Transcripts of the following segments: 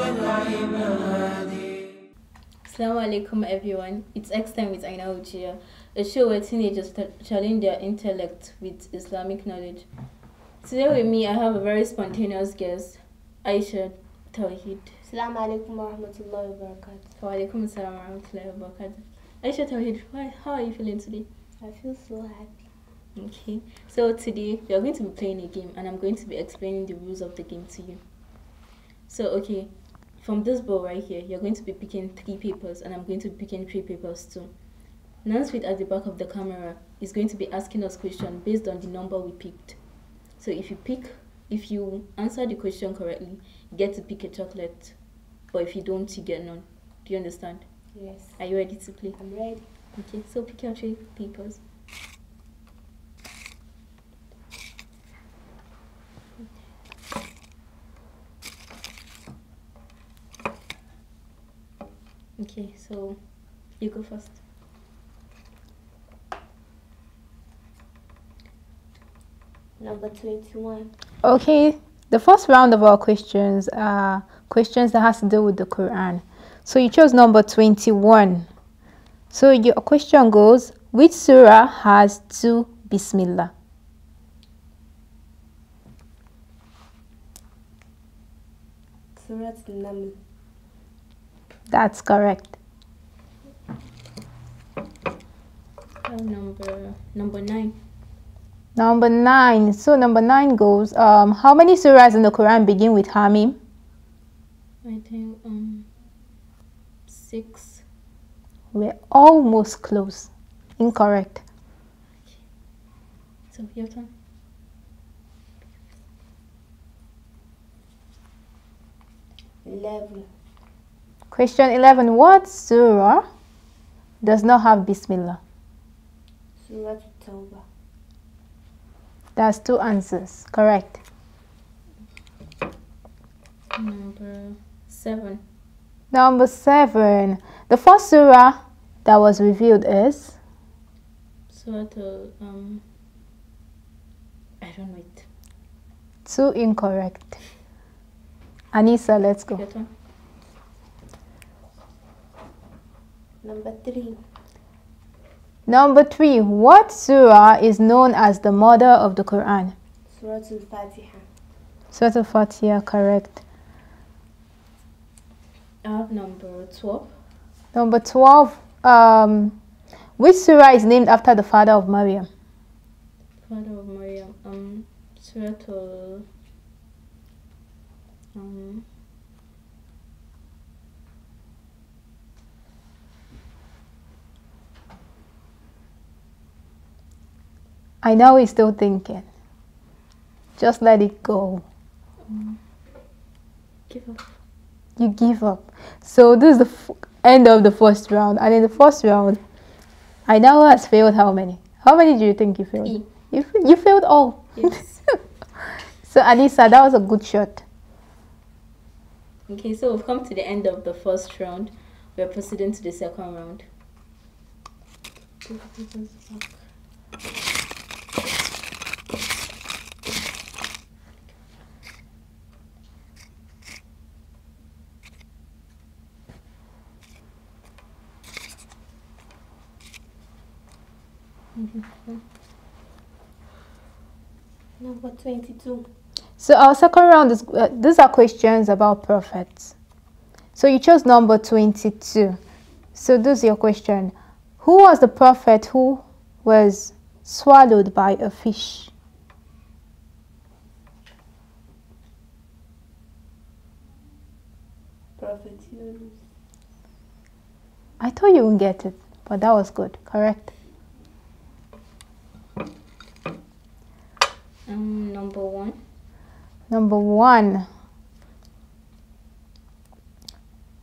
Assalamu alaikum everyone, it's X Time with Aina Uchiya, a show where teenagers challenge their intellect with Islamic knowledge. Today with me I have a very spontaneous guest, Aisha Tawhid. Assalamu alaikum wa rahmatullahi wa barakatuh. Wa alaikum assalam wa rahmatullahi wa barakatuh. Aisha Tawheed, how are you feeling today? I feel so happy. Okay, so today we are going to be playing a game and I'm going to be explaining the rules of the game to you. So, okay, from this ball right here, you're going to be picking three papers and I'm going to be picking three papers too. Nansweet at the back of the camera is going to be asking us questions based on the number we picked. So if you pick, if you answer the question correctly, you get to pick a chocolate. But if you don't, you get none. Do you understand? Yes. Are you ready to play? I'm ready. Okay, so pick your three papers. Okay, so you go first. Number 21. Okay, the first round of our questions are questions that has to do with the Quran. So you chose number 21. So your question goes, which surah has two bismillah? Surah Naml. That's correct. number number nine. Number nine. So number nine goes. Um, how many surahs in the Quran begin with Hamim? I think um six. We're almost close. Incorrect. Okay. So your turn. Level. Question 11. What surah does not have Bismillah? Surah Tawbah. That's two answers. Correct. Number 7. Number 7. The first surah that was revealed is? Surah um, I don't know it. Too incorrect. Anissa, let's go. Number three. Number three. What surah is known as the mother of the Quran? Surah Al-Fatiha. Surah Al-Fatiha, correct. I have number 12. Number 12. Um, which surah is named after the father of Maryam? Father of Maryam. Um, surah Al... um, I know he's still thinking. Just let it go. Give up. You give up. So this is the end of the first round. And in the first round, I know has failed how many? How many do you think you failed? You, you failed all. Yes. so Anissa, that was a good shot. Okay, so we've come to the end of the first round. We're proceeding to the second round. Mm-hmm. Number 22. So our second round is, uh, these are questions about prophets. So you chose number 22. So this is your question. Who was the prophet who was swallowed by a fish? Prophet Yunus. I thought you would get it, but that was good. Correct. Um, number one. Number one.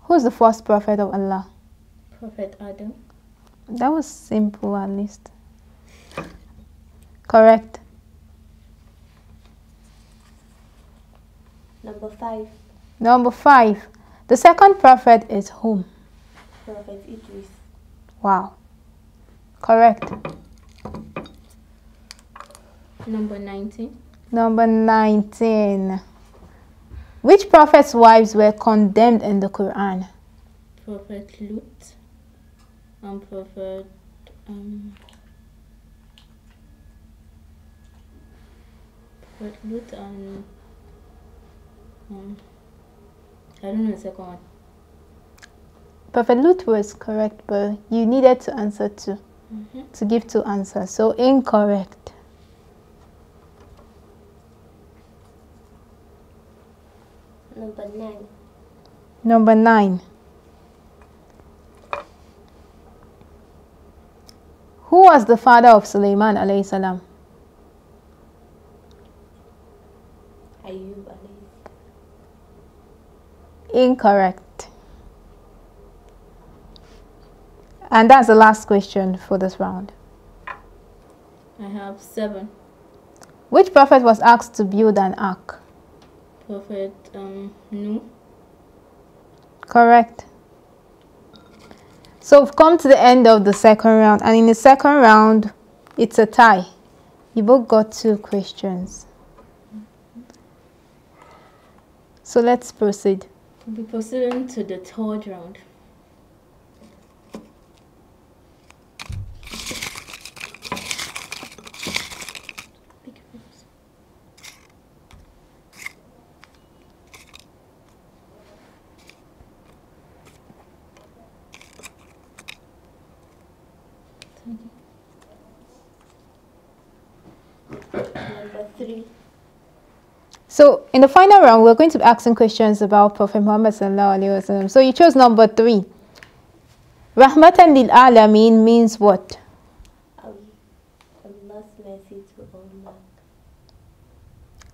Who's the first prophet of Allah? Prophet Adam. That was simple, at least. Correct. Number five. Number five. The second prophet is whom? Prophet Idris. Wow. Correct. Number 19. Number 19. Which prophet's wives were condemned in the Quran? Prophet Lut and Prophet. Um, Prophet Lut and. Um, I don't know the second one. Prophet Lut was correct, but you needed to answer two. Mm -hmm. To give two answers. So incorrect. Number nine. Number nine. Who was the father of Sulaiman alayhi salam? Ayyub. alayhi. Incorrect. And that's the last question for this round. I have seven. Which prophet was asked to build an ark? Prophet um, Correct. So we've come to the end of the second round, and in the second round, it's a tie. You both got two questions. So let's proceed. We'll be proceeding to the third round. Number three. So in the final round, we're going to be asking questions about Prophet Muhammad So you chose number three. Rahmatan lil alamin means what? Allah's mercy to all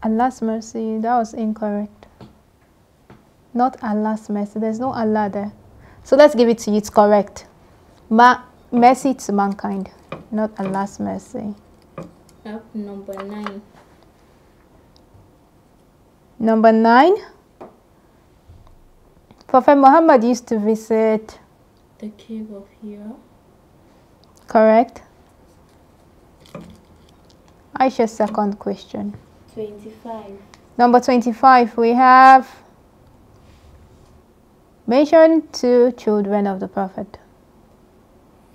Allah's mercy, that was incorrect. Not Allah's mercy, there's no Allah there. So let's give it to you, it's correct. Ma mercy to mankind, not Allah's mercy up number 9. Number 9. Prophet Muhammad used to visit the cave of Hira. Correct. Aisha's second question. 25. Number 25, we have mentioned two children of the Prophet.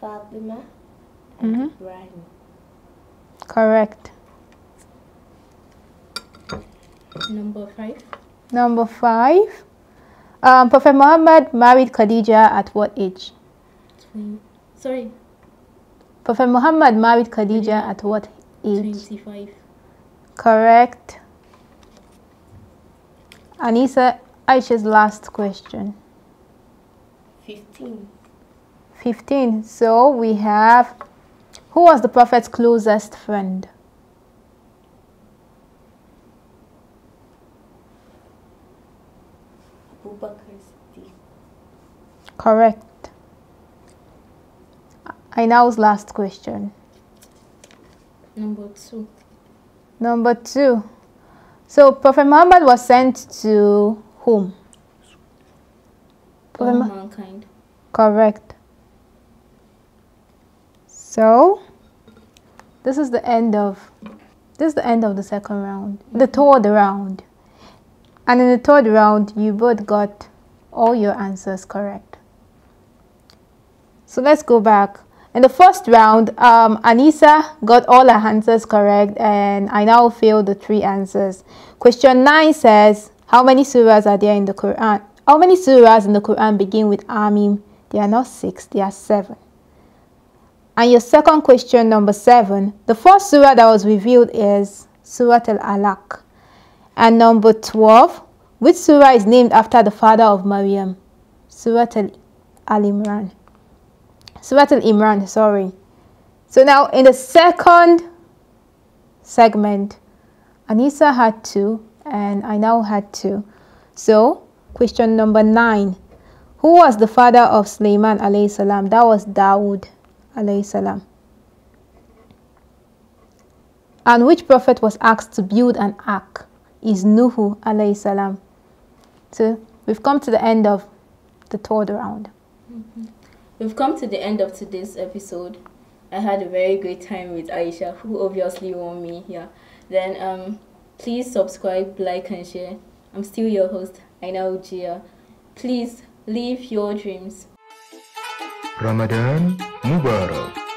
Fatima and mm -hmm. Ibrahim. Correct. Number five. Number five. Um, Prophet Muhammad married Khadija at what age? Twenty. Sorry. Prophet Muhammad married Khadija at what age? 25. Correct. Anisa, Aisha's last question. 15. 15. So we have who was the prophet's closest friend? Correct. I nows Correct. last question. Number two. Number two. So Prophet Muhammad was sent to whom? All mankind. Correct. So this is the end of this is the end of the second round, the third round. And in the third round, you both got all your answers correct. So let's go back. In the first round, um, Anissa got all her answers correct and I now failed the three answers. Question 9 says, how many surahs are there in the Quran? How many surahs in the Quran begin with Amim? They are not six, they are seven. And your second question, number seven, the first surah that was revealed is Surah Al Alaq. And number 12, which surah is named after the father of Maryam? Surah Al, Imran. Surah Al Imran, sorry. So now in the second segment, Anisa had two and I now had two. So question number nine, who was the father of Sulaiman alayhi salam? That was Dawood. Salam, And which prophet was asked to build an ark is Nuhu alayhi salam. So we've come to the end of the third round. Mm -hmm. We've come to the end of today's episode. I had a very great time with Aisha, who obviously won me here. Then um, please subscribe, like, and share. I'm still your host, Aina Ujia. Please live your dreams. Ramadan Mubarak